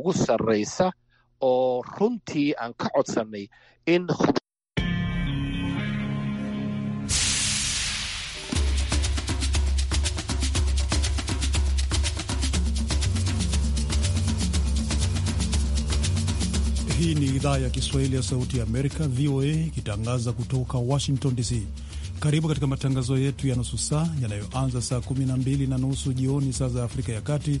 ugu sarreysa oo runtii aan ka codsanay in Hii ni idhaa ya Kiswahili ya Sauti ya Amerika, VOA, ikitangaza kutoka Washington DC. Karibu katika matangazo yetu ya nusu saa yanayoanza saa 12 na nusu jioni saa za Afrika ya Kati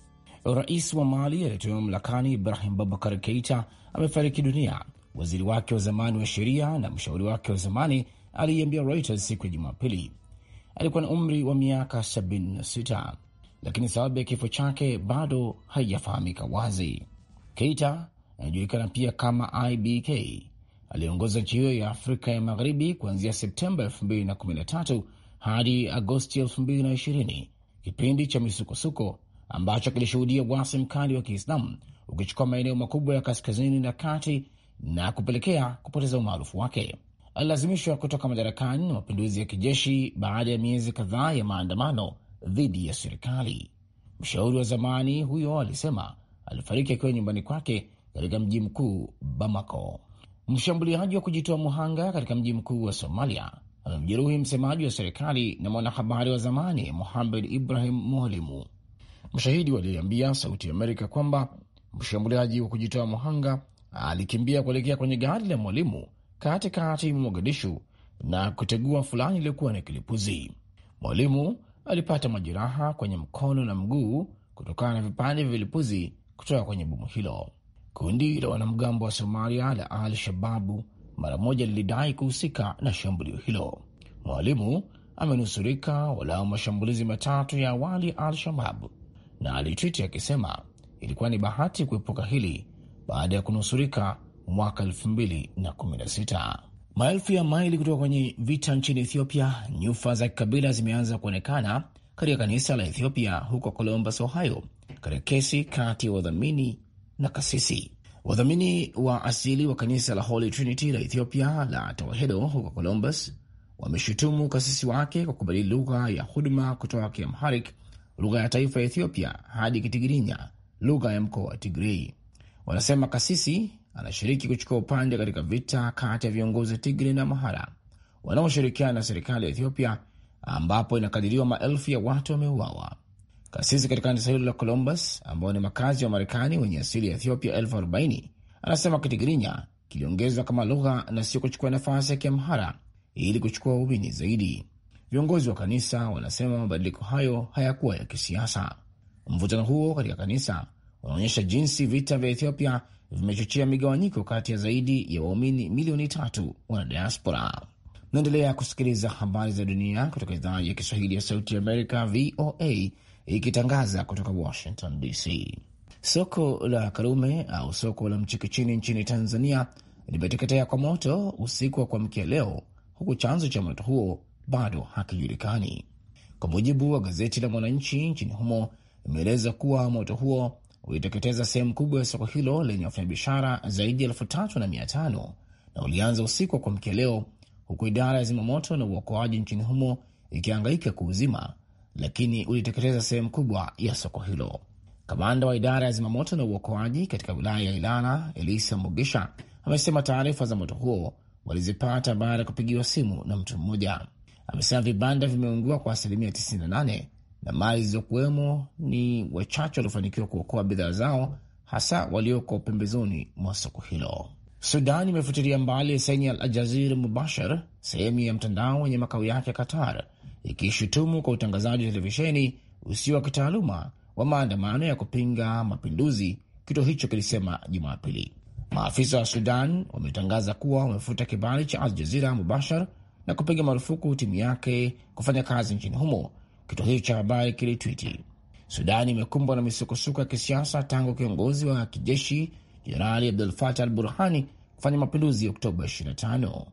Rais wa Mali aliyetolewa mamlakani Ibrahim Babakar Keita amefariki dunia. Waziri wake wa zamani wa sheria na mshauri wake wa zamani aliiambia Reuters siku ya Jumapili alikuwa na umri wa miaka 76, lakini sababu ya kifo chake bado haijafahamika wazi. Keita anajulikana pia kama IBK aliongoza nchi hiyo ya Afrika ya Magharibi kuanzia Septemba 2013 hadi Agosti 2020, kipindi cha misukosuko ambacho kilishuhudia uasi mkali wa Kiislamu ukichukua maeneo makubwa ya kaskazini na kati na kupelekea kupoteza umaarufu wake. Alilazimishwa kutoka madarakani na mapinduzi ya kijeshi baada ya miezi kadhaa ya maandamano dhidi ya serikali. Mshauri wa zamani huyo alisema alifariki akiwa nyumbani kwake katika mji mkuu Bamako. Mshambuliaji wa kujitoa muhanga katika mji mkuu wa Somalia amemjeruhi msemaji wa serikali na mwanahabari wa zamani Mohamed Ibrahim Mwalimu. Mashahidi waliambia Sauti ya Amerika kwamba mshambuliaji wa kujitoa muhanga alikimbia kuelekea kwenye gari la mwalimu katikati mwa Mogadishu na kutegua fulani iliyokuwa na kilipuzi. Mwalimu alipata majeraha kwenye mkono na mguu kutokana na vipande vya vilipuzi kutoka kwenye bomu hilo. Kundi la wanamgambo wa Somalia la Al Shababu mara moja lilidai kuhusika na shambulio hilo. Mwalimu amenusurika walau mashambulizi matatu ya awali ya Al Shababu na alitwiti akisema ilikuwa ni bahati kuepuka hili baada ya kunusurika mwaka 2016. Maelfu ya maili kutoka kwenye vita nchini Ethiopia, nyufa za kikabila zimeanza kuonekana katika kanisa la Ethiopia huko Columbus, Ohio, katika kesi kati ya wadhamini na kasisi. Wadhamini wa asili wa kanisa la Holy Trinity la Ethiopia la Tewahedo huko Columbus wameshutumu kasisi wake kwa kubadili lugha ya huduma kutoka Kiamharik lugha ya taifa ya Ethiopia hadi Kitigirinya, lugha ya mkoa wa Tigrei. Wanasema kasisi anashiriki kuchukua upande katika vita kati ya viongozi wa Tigre na Amhara wanaoshirikiana na serikali ya Ethiopia, ambapo inakadiriwa maelfu ya watu wameuawa. Kasisi katika kanisa hilo la Columbus, ambao ni makazi wa Marekani wenye asili ya Ethiopia elfu arobaini, anasema Kitigirinya kiliongezwa kama lugha na sio kuchukua nafasi ya Kiamhara ili kuchukua ubini zaidi. Viongozi wa kanisa wanasema mabadiliko hayo hayakuwa ya kisiasa. Mvutano huo katika kanisa unaonyesha jinsi vita vya Ethiopia vimechochea migawanyiko kati ya zaidi ya waumini milioni tatu wana diaspora. Naendelea kusikiliza habari za dunia kutoka idhaa ya Kiswahili ya Sauti Amerika, VOA, ikitangaza kutoka Washington DC. Soko la Karume au soko la Mchikichini nchini Tanzania limeteketea kwa moto usiku wa kuamkia leo, huku chanzo cha moto huo bado hakijulikani. Kwa mujibu wa gazeti la Mwananchi nchini humo, imeeleza kuwa moto huo uliteketeza sehemu kubwa ya soko hilo lenye wafanyabiashara zaidi ya elfu tatu na mia tano na ulianza usiku wa kuamkia leo, huku idara ya zimamoto na uokoaji nchini humo ikihangaika kuuzima, lakini uliteketeza sehemu kubwa ya soko hilo. Kamanda wa idara ya zimamoto na uokoaji katika wilaya ya Ilala, Elisa Mugisha, amesema taarifa za moto huo walizipata baada ya kupigiwa simu na mtu mmoja amesema vibanda vimeungua kwa asilimia 98 na mali zilizokuwemo ni wachache waliofanikiwa kuokoa bidhaa zao, hasa walioko pembezoni mwa soko hilo. Sudan imefutilia mbali leseni Al Ajazir Mubashar, sehemu ya mtandao wenye makao yake Qatar, ikishutumu kwa utangazaji wa televisheni usio wa kitaaluma wa maandamano ya kupinga mapinduzi, kituo hicho kilisema Jumapili. Maafisa wa Sudan wametangaza kuwa wamefuta kibali cha Al Jazira Mubashar na kupiga marufuku timu yake kufanya kazi nchini humo. Kituo hicho cha habari kilitwiti, Sudani imekumbwa na misukosuko ya kisiasa tangu kiongozi wa kijeshi Jenerali Abdul Fatah al Burhani kufanya mapinduzi Oktoba 25.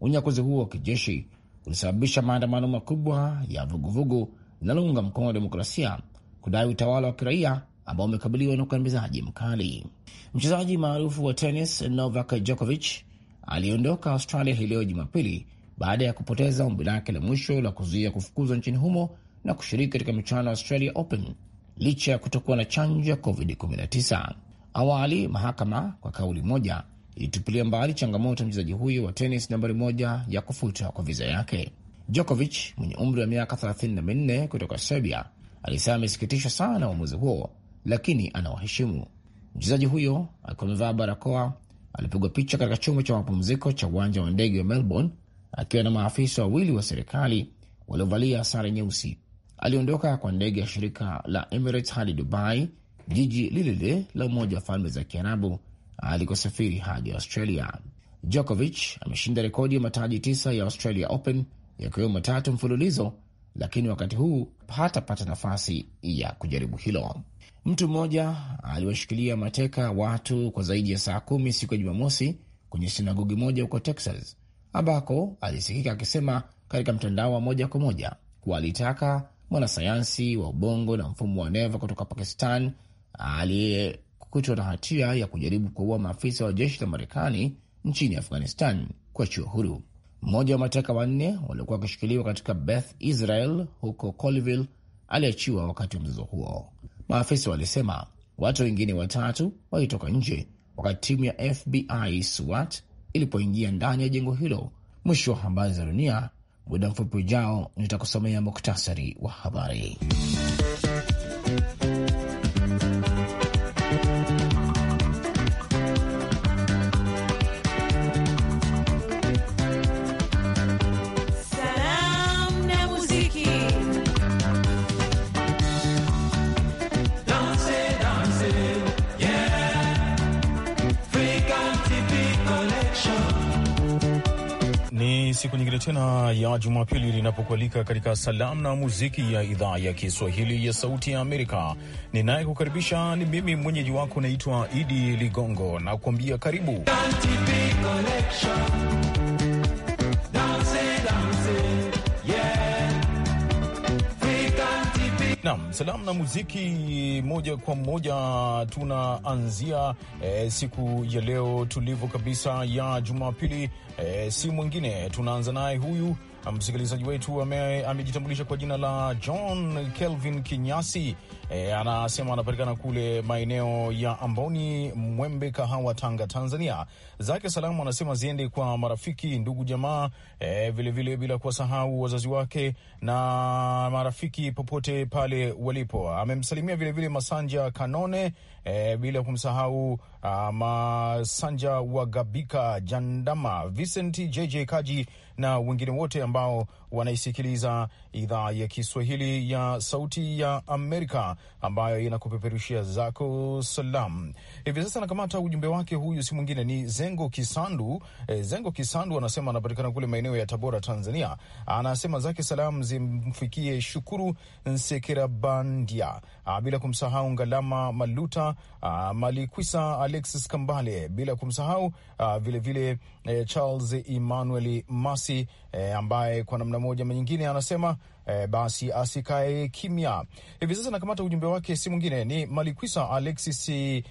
Unyakuzi huo wa kijeshi ulisababisha maandamano makubwa ya vuguvugu linalounga mkono wa demokrasia kudai utawala wa kiraia ambao umekabiliwa na ukandamizaji mkali. Mchezaji maarufu wa tenis Novak Djokovic aliondoka Australia hii leo Jumapili baada ya kupoteza ombi lake la mwisho la kuzuia kufukuzwa nchini humo na kushiriki katika michuano ya Australia Open licha ya kutokuwa na chanjo ya COVID-19. Awali mahakama kwa kauli moja ilitupilia mbali changamoto ya mchezaji huyo wa tenis nambari moja ya kufuta kwa viza yake. Djokovic mwenye umri wa miaka 34 kutoka Serbia alisema amesikitishwa sana na uamuzi huo, lakini anawaheshimu. Mchezaji huyo akiwa amevaa barakoa alipigwa picha katika chumba cha mapumziko cha uwanja wa ndege wa Melbourne akiwa na maafisa wawili wa serikali waliovalia sare nyeusi. Aliondoka kwa ndege ya shirika la Emirates hadi Dubai, jiji lilelile la Umoja wa Falme za Kiarabu alikosafiri hadi Australia. Djokovic ameshinda rekodi ya mataji tisa ya Australia Open yakiwemo matatu mfululizo, lakini wakati huu hatapata nafasi ya kujaribu hilo. Mtu mmoja aliwashikilia mateka watu kwa zaidi ya saa kumi siku ya Jumamosi kwenye sinagogi moja huko Texas ambako alisikika akisema katika mtandao wa moja kwa moja kuwa alitaka mwanasayansi wa ubongo na mfumo wa neva kutoka Pakistan aliyekutwa na hatia ya kujaribu kuua maafisa wa jeshi la Marekani nchini Afghanistan kuachiwa huru. Mmoja wa mateka wanne waliokuwa wakishikiliwa katika Beth Israel huko Colville aliachiwa wakati wa mzozo huo. Maafisa walisema watu wengine watatu walitoka nje wakati timu ya FBI SWAT ilipoingia ndani ya jengo hilo. Mwisho wa habari za dunia. Muda mfupi ujao nitakusomea muktasari wa habari. tena ya Jumapili linapokualika katika salamu na muziki ya idhaa ya Kiswahili ya Sauti ya Amerika. Ninayekukaribisha ni mimi mwenyeji wako naitwa Idi Ligongo na kuambia karibu Nam salamu na muziki moja kwa moja tunaanzia e, siku ya leo tulivu kabisa ya Jumapili. E, si mwingine tunaanza naye huyu msikilizaji wetu amejitambulisha kwa jina la John Kelvin Kinyasi. E, anasema anapatikana kule maeneo ya Amboni, Mwembe, Kahawa, Tanga, Tanzania. Zake salamu anasema ziende kwa marafiki, ndugu, jamaa, e, vilevile bila kuwasahau wazazi wake na marafiki popote pale walipo. Amemsalimia vilevile Masanja Kanone e, bila kumsahau uh, Masanja wa Gabika Jandama, Vincent JJ Kaji na wengine wote ambao wanaisikiliza idhaa ya Kiswahili ya Sauti ya Amerika ambayo inakupeperushia zako salam. Hivi sasa anakamata ujumbe wake, huyu si mwingine ni Zengo Kisandu. E, Zengo Kisandu anasema anapatikana kule maeneo ya Tabora, Tanzania. Anasema zake salam zimfikie Shukuru Nsekerabandia, bila kumsahau Ngalama Maluta, a, Malikwisa Alexis Kambale, bila kumsahau vilevile Eh, Charles Emmanuel Masi eh, ambaye kwa namna moja ama nyingine anasema eh, basi asikae kimya. Hivi sasa nakamata ujumbe wake, si mwingine ni Malikwisa Alexis eh,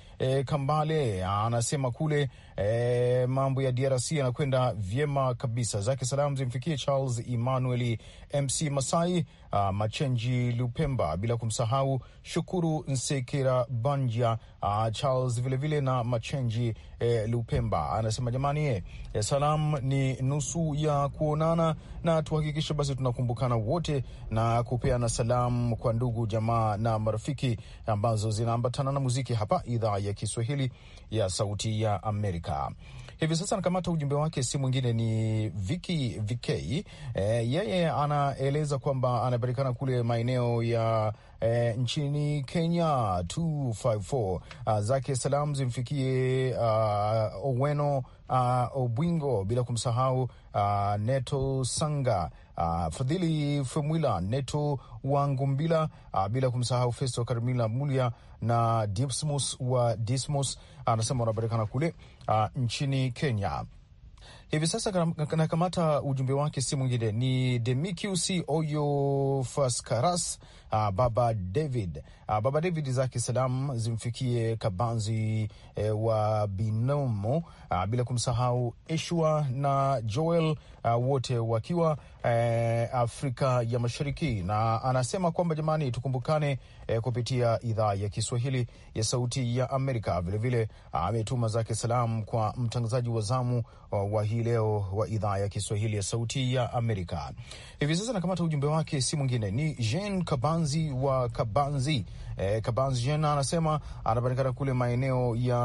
Kambale anasema kule eh, mambo ya DRC yanakwenda vyema kabisa, zake salam zimfikie Charles Emmanuel Mc Masai ah, Machenji Lupemba, bila kumsahau Shukuru Nsekera Banja ah, Charles vilevile na Machenji eh, Lupemba anasema jamani, eh, salam ni nusu ya kuonana na tuhakikishe basi tunakumbukana wote na kupeana salamu kwa ndugu jamaa na marafiki ambazo zinaambatana na muziki hapa idhaa ya Kiswahili ya Sauti ya Amerika. Hivi sasa anakamata ujumbe wake, si mwingine ni Viki Vikei. E, eh, yeye anaeleza kwamba anapatikana kule maeneo ya e, nchini Kenya 254 a, ah, zake salamu zimfikie ah, Oweno ah, Obwingo, bila kumsahau Neto Sanga uh, Fadhili femwila Neto Wangumbila, uh, ah, bila kumsahau Festo Karimila Mulia na Dismos wa Dismos anasema wanapatikana kule uh, nchini Kenya. Hivi sasa nakamata ujumbe wake, si mwingine ni Demikius Oyofaskaras, uh, baba David. Uh, baba David zake salam zimfikie Kabanzi eh, wa Binomo, uh, bila kumsahau Eshua na Joel, uh, wote wakiwa eh, Afrika ya Mashariki, na anasema kwamba jamani, tukumbukane eh, kupitia idhaa ya Kiswahili ya Sauti ya Amerika. Vilevile ametuma zake salam kwa mtangazaji wa zamu wa hii leo wa idhaa ya Kiswahili ya Sauti ya Amerika. Hivi sasa nakamata ujumbe wake, si mwingine ni Jean Kabanzi wa Kabanzi. Eh, Kabanzi Jean anasema anapatikana kule maeneo ya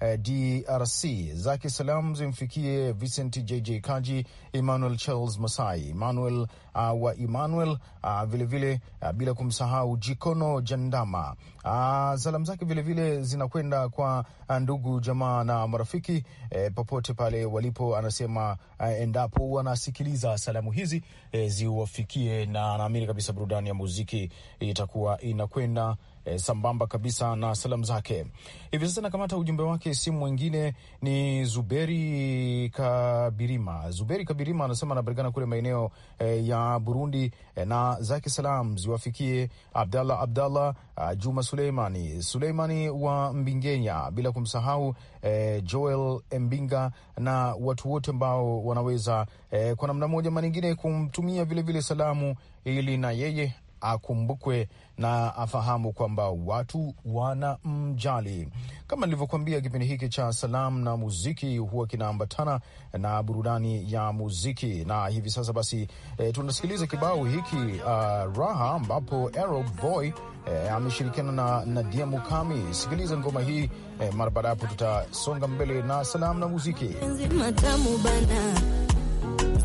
Eh, DRC zake salam zimfikie Vincent JJ Kaji, Emmanuel Charles Masai, Emmanuel uh, wa Emmanuel uh, ah, vilevile uh, ah, bila kumsahau Jikono Jandama. Uh, salamu zake vilevile zinakwenda kwa ndugu jamaa na marafiki eh, popote pale walipo, anasema eh, endapo wanasikiliza salamu hizi eh, ziwafikie, na anaamini kabisa burudani ya muziki itakuwa inakwenda e, sambamba kabisa na salamu zake. Hivi sasa nakamata ujumbe wake, simu mwingine ni Zuberi Kabirima. Zuberi Kabirima anasema anapatikana kule maeneo e, ya Burundi e, na zake salam ziwafikie Abdallah Abdallah Juma Suleimani Suleimani wa Mbingenya, bila kumsahau e, Joel Mbinga na watu wote ambao wanaweza e, kwa namna moja ama nyingine kumtumia vilevile salamu ili na yeye akumbukwe na afahamu kwamba watu wana mjali Kama nilivyokuambia, kipindi hiki cha salamu na muziki huwa kinaambatana na burudani ya muziki, na hivi sasa basi e, tunasikiliza kibao hiki uh, Raha ambapo Arrow Boy e, ameshirikiana na Nadia Mukami. Sikiliza ngoma hii e, mara baada ya hapo tutasonga mbele na salamu na muziki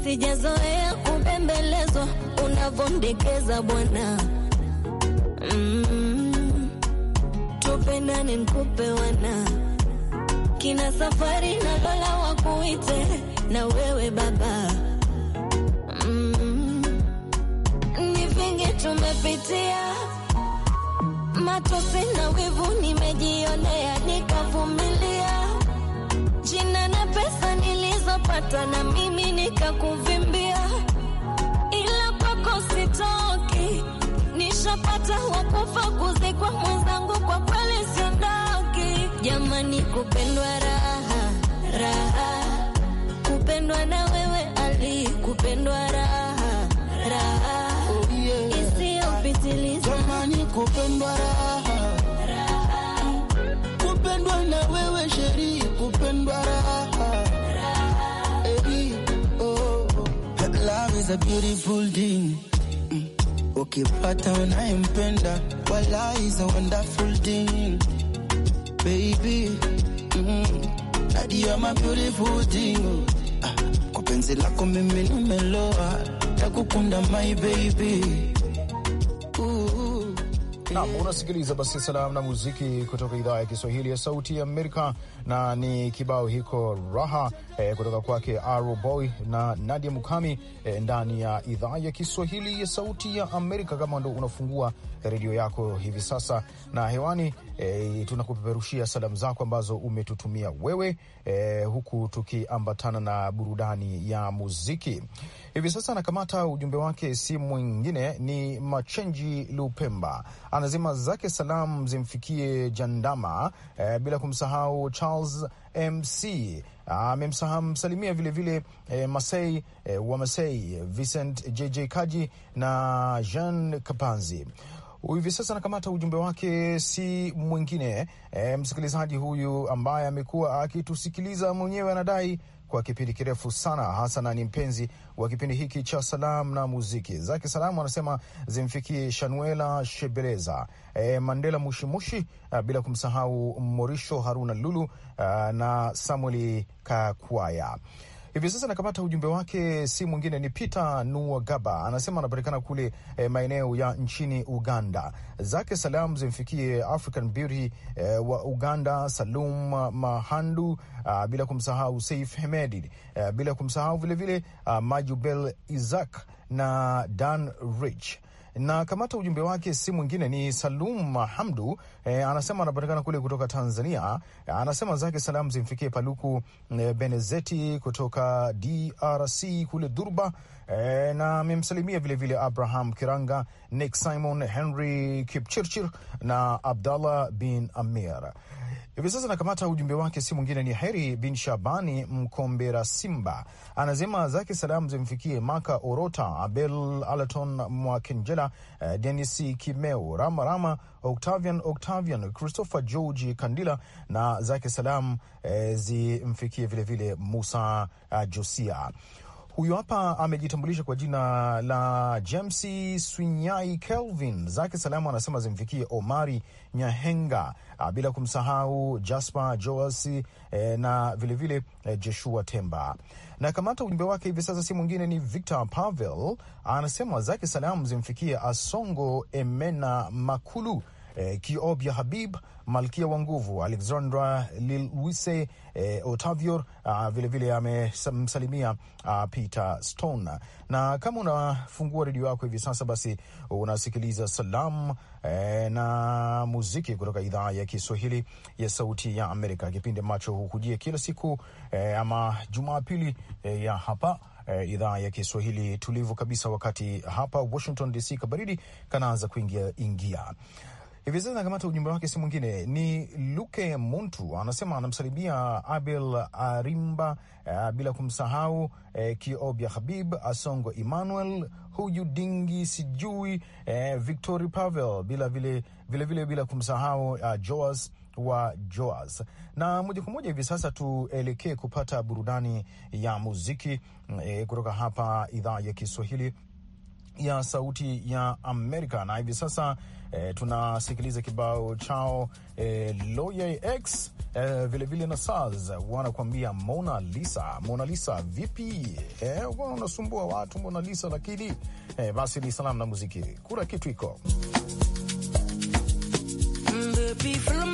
sijazoea kubembelezwa unavondekeza bwana mm. Mm-hmm. Tupendane nkupe wana kina safari na Lola wakuite na wewe baba mm. Ni vingi tumepitia, matosi na wivu nimejionea nikavumilia jina na nikakupata na mimi nikakuvimbia, ila kwako sitoki, nishapata wakufa kuzikwa mwenzangu, kwa kweli siondoki. Jamani, kupendwa raha raha, kupendwa na wewe Ali, kupendwa raha raha oh, isiyopitiliza, jamani kupendwa raha is a beautiful thing. Mm. Ukipata mm. unayempenda wala is a wonderful thing. Baby, Nadia mm. ma beautiful thing. Ah, kwa penzi lako mimi nimeloa, nakukunda my baby Nam unasikiliza basi salamu na muziki kutoka idhaa ya Kiswahili ya Sauti ya Amerika, na ni kibao hiko raha eh, kutoka kwake Arrow Boy na Nadia Mukami eh, ndani ya idhaa ya Kiswahili ya Sauti ya Amerika. Kama ndo unafungua redio yako hivi sasa na hewani e, tunakupeperushia salamu zako ambazo umetutumia wewe e, huku tukiambatana na burudani ya muziki. Hivi sasa anakamata ujumbe wake, si mwingine ni Machenji Lupemba, anazima zake salamu zimfikie Jandama e, bila kumsahau Charles MC amemsalimia vilevile e, Masei e, wa Masei Vincent JJ Kaji na Jean Kapanzi Hivi sasa anakamata ujumbe wake, si mwingine e, msikilizaji huyu ambaye amekuwa akitusikiliza mwenyewe, anadai kwa kipindi kirefu sana, hasa na ni mpenzi wa kipindi hiki cha salamu na muziki. Zake salamu anasema zimfikie Shanuela Shebeleza, e, Mandela Mushimushi, eh, bila kumsahau Morisho Haruna Lulu a, na Samueli Kakwaya. Hivi sasa nakamata ujumbe wake, si mwingine ni Peter nuagaba anasema anapatikana kule eh, maeneo ya nchini Uganda. Zake salamu zimfikie African Beauty eh, wa Uganda, Salum Mahandu, ah, bila kumsahau Saif Hemedi, eh, bila kumsahau vilevile ah, Majubel Isaac na Dan Rich na kamata ujumbe wake si mwingine ni Salum Hamdu. E, anasema anapatikana kule kutoka Tanzania. E, anasema zake salamu zimfikie Paluku e, Benezeti kutoka DRC kule Durba. E, na amemsalimia vilevile Abraham Kiranga, Nick Simon, Henry Kipchirchir na Abdallah bin Amir. Hivi sasa nakamata ujumbe wake, si mwingine ni Heri bin Shabani Mkombera Simba, anasema zake salamu zimfikie Maka Orota, Abel Alaton Mwakenjela, uh, eh, Denis Kimeu, Rama Rama, Octavian Octavian, Christopher George Kandila, na zake salamu uh, eh, zimfikie vilevile Musa uh, Josia. Huyu hapa amejitambulisha kwa jina la James Swinyai Kelvin, zake salamu anasema zimfikie Omari Nyahenga, ah, bila kumsahau Jasper Joas e, na vilevile vile, e, Joshua Temba na kamata ujumbe wake hivi sasa, si mwingine ni Victor Pavel, anasema zake salamu zimfikie Asongo Emena Makulu eh, Kiobia Habib, malkia wa nguvu Alexandra Lilwise eh, Otavior ah, vilevile amemsalimia ah, Peter Stone. Na kama unafungua redio yako hivi sasa, basi unasikiliza salamu eh, na muziki kutoka idhaa ya Kiswahili ya Sauti ya Amerika, kipindi ambacho hukujia kila siku eh, ama Jumapili eh, ya hapa eh, idhaa ya Kiswahili tulivu kabisa, wakati hapa Washington DC kabaridi kanaanza kuingia ingia. Hivi sasa nakamata ujumbe wake, si mwingine ni Luke Muntu, anasema anamsalimia Abel Arimba, uh, bila kumsahau eh, Kiobya Habib Asongo, Emmanuel Huyu Dingi, sijui eh, Victori Pavel, bila vile vile, vile bila kumsahau uh, Joas wa Joas. Na moja kwa moja hivi sasa tuelekee kupata burudani ya muziki eh, kutoka hapa idhaa ya Kiswahili ya Sauti ya Amerika, na hivi sasa E, tunasikiliza kibao chao e, Loye X eh, e, vilevile na Saz wanakuambia Mona Lisa. Mona Lisa vipi? E, wanasumbua watu Mona Lisa, lakini e, basi ni salamu na muziki, kura kitu iko mm,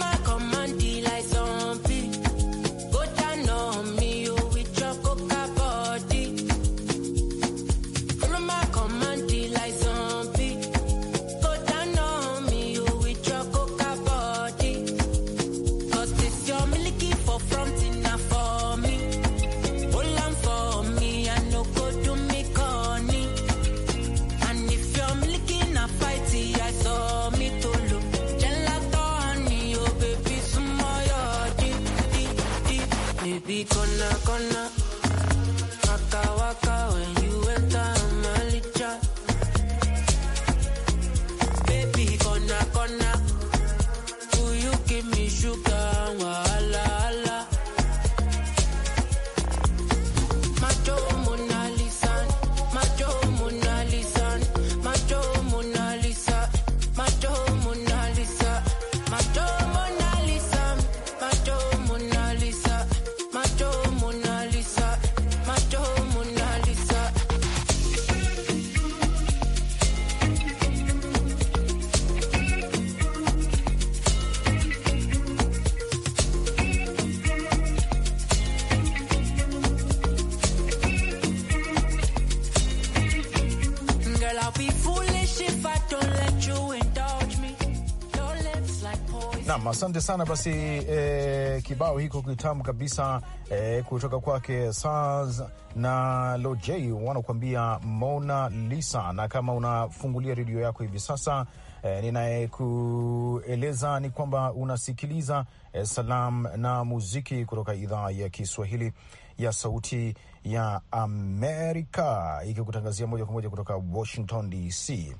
Naam, asante sana basi. E, kibao hiko kitamu kabisa e, kutoka kwake sas na loj wanakuambia Mona Lisa, na kama unafungulia redio yako hivi sasa e, ninayekueleza ni kwamba unasikiliza e, Salam na Muziki kutoka idhaa ya Kiswahili ya Sauti ya Amerika ikikutangazia moja kwa moja kutoka Washington DC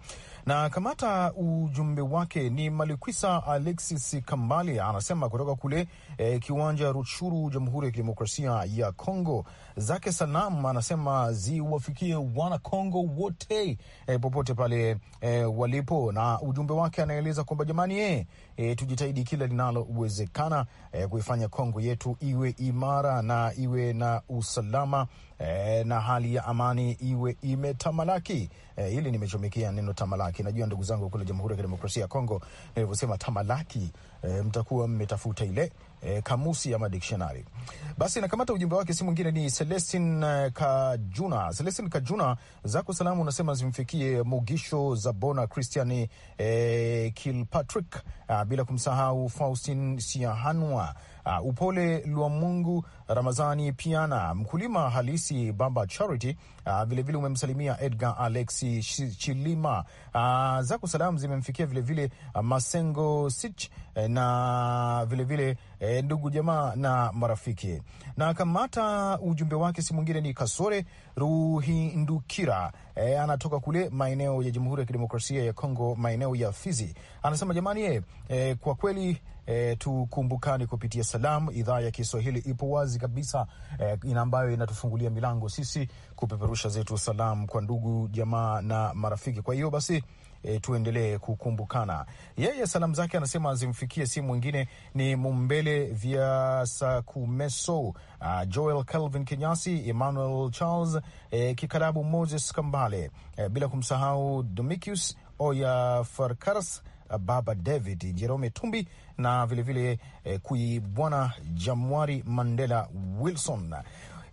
na kamata ujumbe wake ni Malikwisa Alexis kambali anasema kutoka kule eh, kiwanja Ruchuru, Jamhuri ya Kidemokrasia ya Kongo zake sanamu anasema ziwafikie Wanakongo wote e, popote pale e, walipo. Na ujumbe wake anaeleza kwamba jamani, e, e, tujitahidi kila linalowezekana e, kuifanya Kongo yetu iwe imara na iwe na usalama e, na hali ya amani iwe imetamalaki. E, ili nimechomikia neno tamalaki. Najua ndugu zangu kule Jamhuri ya Kidemokrasia ya Kongo nilivyosema e, tamalaki, e, mtakuwa mmetafuta ile e, kamusi ama dictionary. Basi nakamata ujumbe wake, si mwingine ni Celestin eh, Kajuna. Celestin Kajuna, zako salamu unasema zimfikie Mugisho Zabona, Christian e, Kilpatrick, a, ah, bila kumsahau Faustin Siahanwa, a, ah, Upole Lwa Mungu Ramazani Piana, mkulima halisi Bamba Charity vilevile ah, vile umemsalimia Edgar Alexi Chilima, ah, zako salamu zimemfikia vilevile ah, Masengo Sich eh, na vilevile vile, eh, ndugu jamaa na marafiki. Na kamata ujumbe wake, si mwingine ni Kasore Ruhindukira. E, anatoka kule maeneo ya Jamhuri ya Kidemokrasia ya Kongo, maeneo ya Fizi. Anasema jamani, e, kwa kweli e, tukumbukani kupitia salamu. Idhaa ya Kiswahili ipo wazi wazi kabisa eh, ina ambayo inatufungulia milango sisi kupeperusha zetu salam kwa ndugu jamaa na marafiki. Kwa hiyo basi E, tuendelee kukumbukana. Yeye salamu zake anasema zimfikie si mwingine ni Mumbele vya Sakumeso, uh, ah, Joel Calvin Kenyasi, Emmanuel Charles, e, Kikarabu Moses Kambale, e, bila kumsahau Domicius Oya Farkaras Baba David Jerome Tumbi na vilevile eh, kui Bwana Jamwari Mandela Wilson.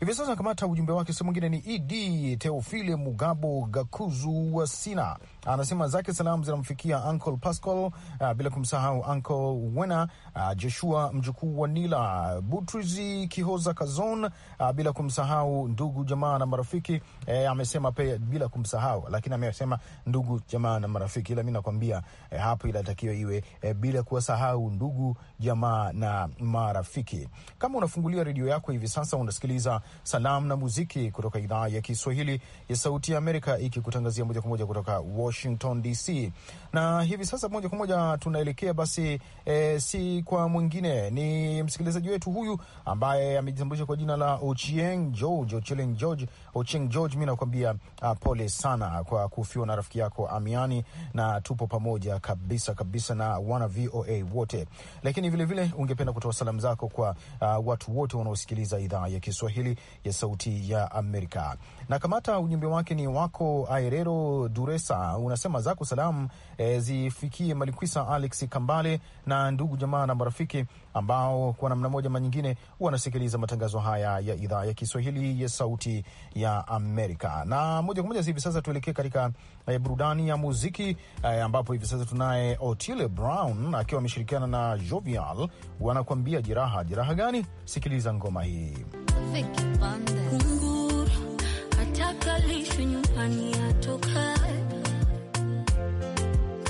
Hivi sasa nakamata ujumbe wake, sehemu mwingine ni Idi e Teofile Mugabo Gakuzu Wasina anasema zake salamu zinamfikia Uncle Pascal, uh, bila kumsahau Uncle Wena, uh, Joshua mjukuu wa Nila, Butrizi Kihoza Kazon, uh, bila kumsahau ndugu jamaa na marafiki eh, amesema pe, bila kumsahau lakini amesema ndugu jamaa na marafiki, ila mi nakwambia eh, hapo inatakiwa iwe eh, bila kuwasahau ndugu jamaa na marafiki. Kama unafungulia redio yako hivi sasa unasikiliza salamu na muziki kutoka idhaa ya Kiswahili ya Sauti ya Amerika ikikutangazia moja kwa moja kutoka Washington. Washington DC. Na hivi sasa moja kwa moja tunaelekea basi, e, si kwa mwingine ni msikilizaji wetu huyu ambaye amejitambulisha kwa jina la Ochieng George, Ochieng George, Ochieng George. mi nakuambia uh, ah, pole sana kwa kufiwa na rafiki yako Amiani, na tupo pamoja kabisa kabisa na wana VOA wote, lakini vilevile vile, ungependa kutoa salamu zako kwa uh, watu wote wanaosikiliza idhaa ya Kiswahili ya Sauti ya Amerika. Na kamata ujumbe wake ni wako Airero Duresa unasema zako salamu e, zifikie Malikwisa Alex Kambale na ndugu jamaa na marafiki ambao kwa namna moja manyingine wanasikiliza matangazo haya ya idhaa ya Kiswahili ya Sauti ya Amerika. Na moja kwa moja hivi sasa tuelekee katika e, burudani ya muziki e, ambapo hivi sasa tunaye Otile Brown akiwa ameshirikiana na Jovial wanakuambia jeraha. Jeraha gani? Sikiliza ngoma hii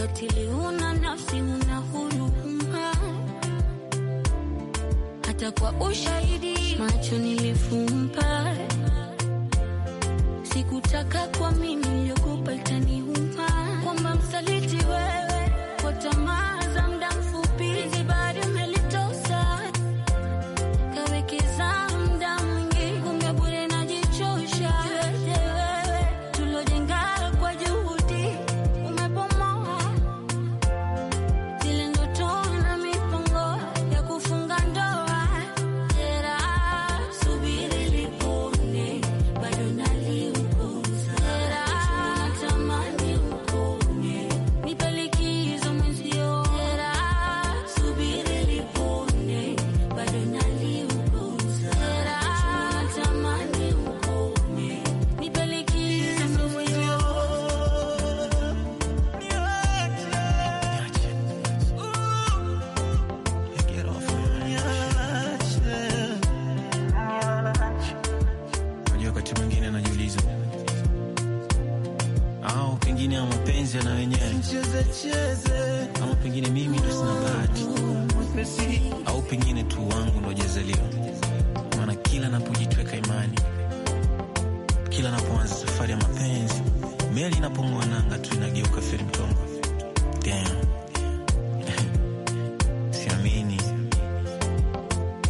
katili, una nafsi, una huruma, hata kwa ushahidi macho nilifumba, sikutaka kwa mimi, niliogopa itaniuma kwamba msaliti wewe Kila napoanza safari ya mapenzi, meli inapong'oa nanga tu inageuka feri mtongo. Siamini.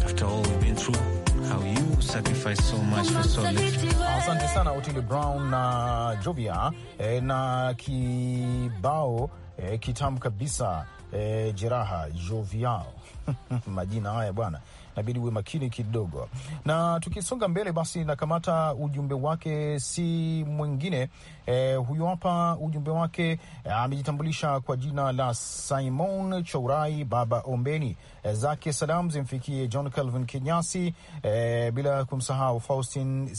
After all we've been through, how you sacrifice so much for so little. Asante sana Otile Brown na Jovia eh, na kibao eh, kitamu kabisa eh, Jeraha Jovial majina haya bwana inabidi uwe makini kidogo. Na tukisonga mbele basi, nakamata ujumbe wake, si mwingine eh, huyu hapa ujumbe wake eh, amejitambulisha kwa jina la Simon Chaurai Baba Ombeni, eh, zake salam zimfikie John Calvin Kenyasi, eh, bila kumsahau Faustin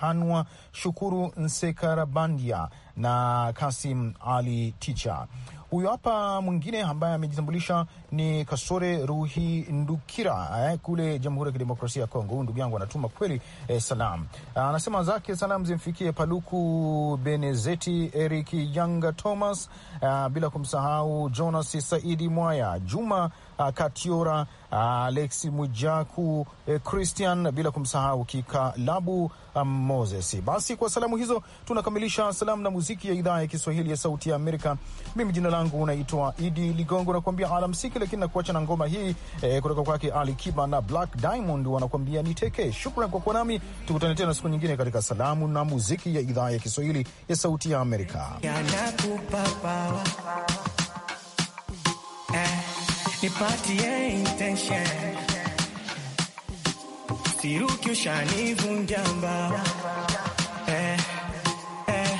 Hanwa Shukuru Nsekarabandia na Kasim Ali Ticha. huyu hapa mwingine ambaye amejitambulisha ni Kasore Ruhindukira eh, kule Jamhuri ya Kidemokrasia ya Kongo. Huyu ndugu yangu anatuma kweli eh, salam. Ah, anasema zake salam zimfikie Paluku Benezeti, Eric Yanga, Thomas, ah, bila kumsahau Jonas Saidi Mwaya, Juma uh, Katiora uh, ah, Alexi Mwijaku eh, Christian, bila kumsahau Kikalabu um, ah, Moses. Basi kwa salamu hizo tunakamilisha salamu na muziki ya idhaa ya Kiswahili ya Sauti ya Amerika. Mimi jina langu unaitwa Idi Ligongo, nakuambia alamsiki, lakini nakuacha na ngoma hii eh, kutoka kwake Ali Kiba na Black Diamond wanakuambia niteke. Shukran kwa kuwa nami, tukutane tena siku nyingine katika salamu na muziki ya idhaa ya Kiswahili ya Sauti ya Amerika nipatie intention, siruki ushanivunja mbao eh, eh.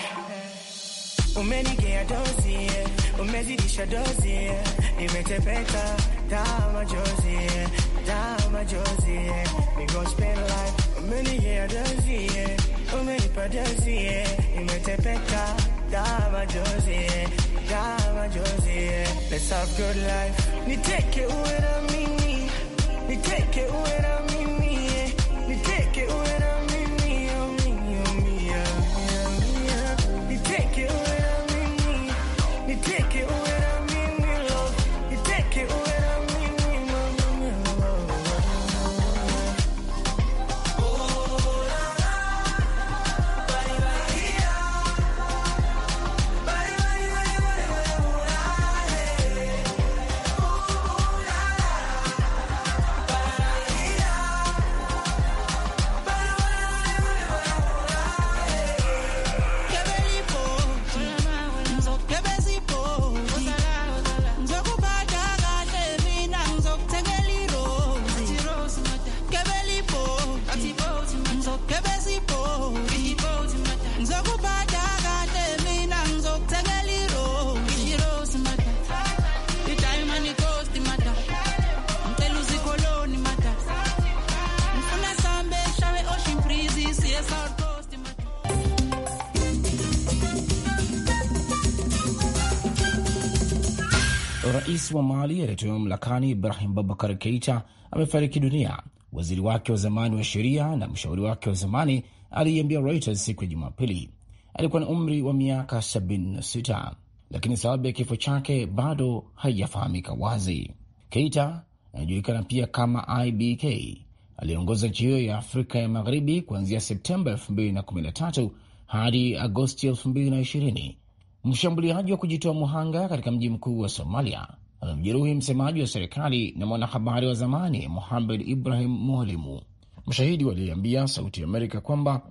Umenigea dozi eh, umezidisha dozi eh, nimetepeka taa majozi eh, taa majozi eh, umenigea dozi eh, umenipa dozi eh, nimetepeka taa majozi eh, taa majozi eh, let's have good life niteke uwe na mimi, niteke uwe na wa Mali aliyetolewa mamlakani Ibrahim Babakar Keita amefariki dunia, waziri wake wa zamani wa sheria na mshauri wake wa zamani aliiambia Reuters siku ya Jumapili. Alikuwa na umri wa miaka 76, lakini sababu ya kifo chake bado haijafahamika wazi. Keita anajulikana pia kama IBK aliongoza nchi hiyo ya Afrika ya Magharibi kuanzia Septemba 2013 hadi Agosti 2020, mshambuliaji wa kujitoa muhanga katika mji mkuu wa Somalia amemjeruhi msemaji wa serikali na mwanahabari wa zamani muhamed Ibrahim Mwalimu. Mshahidi waliambia Sauti ya Amerika kwamba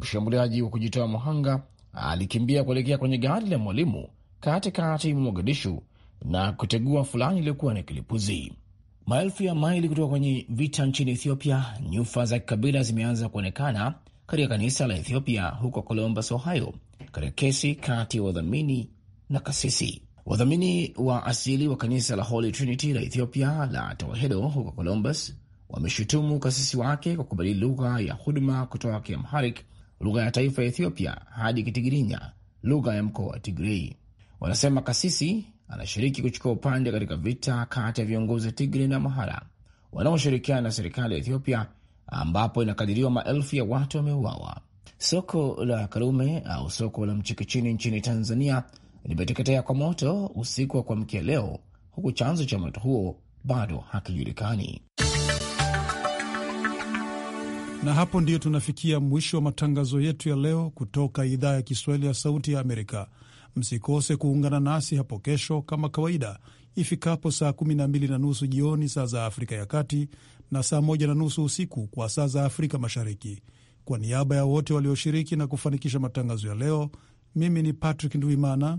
mshambuliaji wa kujitoa muhanga alikimbia kuelekea kwenye gari la Mwalimu katikati mwa Mogadishu na kutegua fulani iliyokuwa na kilipuzi. Maelfu ya maili kutoka kwenye vita nchini Ethiopia, nyufa za kikabila zimeanza kuonekana katika kanisa la Ethiopia huko Columbus, Ohio, katika kesi kati ya wadhamini na kasisi. Wadhamini wa asili wa kanisa la Holy Trinity la Ethiopia la Tewahedo huko Columbus wameshutumu kasisi wake kwa kubadili lugha ya huduma kutoka Kiamharik, lugha ya taifa ya Ethiopia, hadi Kitigirinya, lugha ya mkoa wa Tigrei. Wanasema kasisi anashiriki kuchukua upande katika vita kati ya viongozi wa Tigre na Amhara wanaoshirikiana na serikali ya Ethiopia, ambapo inakadiriwa maelfu ya watu wameuawa. Soko la Karume au soko la Mchikichini nchini Tanzania limeteketea kwa moto usiku wa kuamkia leo, huku chanzo cha moto huo bado hakijulikani. Na hapo ndiyo tunafikia mwisho wa matangazo yetu ya leo kutoka idhaa ya Kiswahili ya Sauti ya Amerika. Msikose kuungana nasi hapo kesho kama kawaida ifikapo saa 12 na nusu jioni saa za Afrika ya Kati na saa moja na nusu usiku kwa saa za Afrika Mashariki. Kwa niaba ya wote walioshiriki na kufanikisha matangazo ya leo, mimi ni Patrick Ndwimana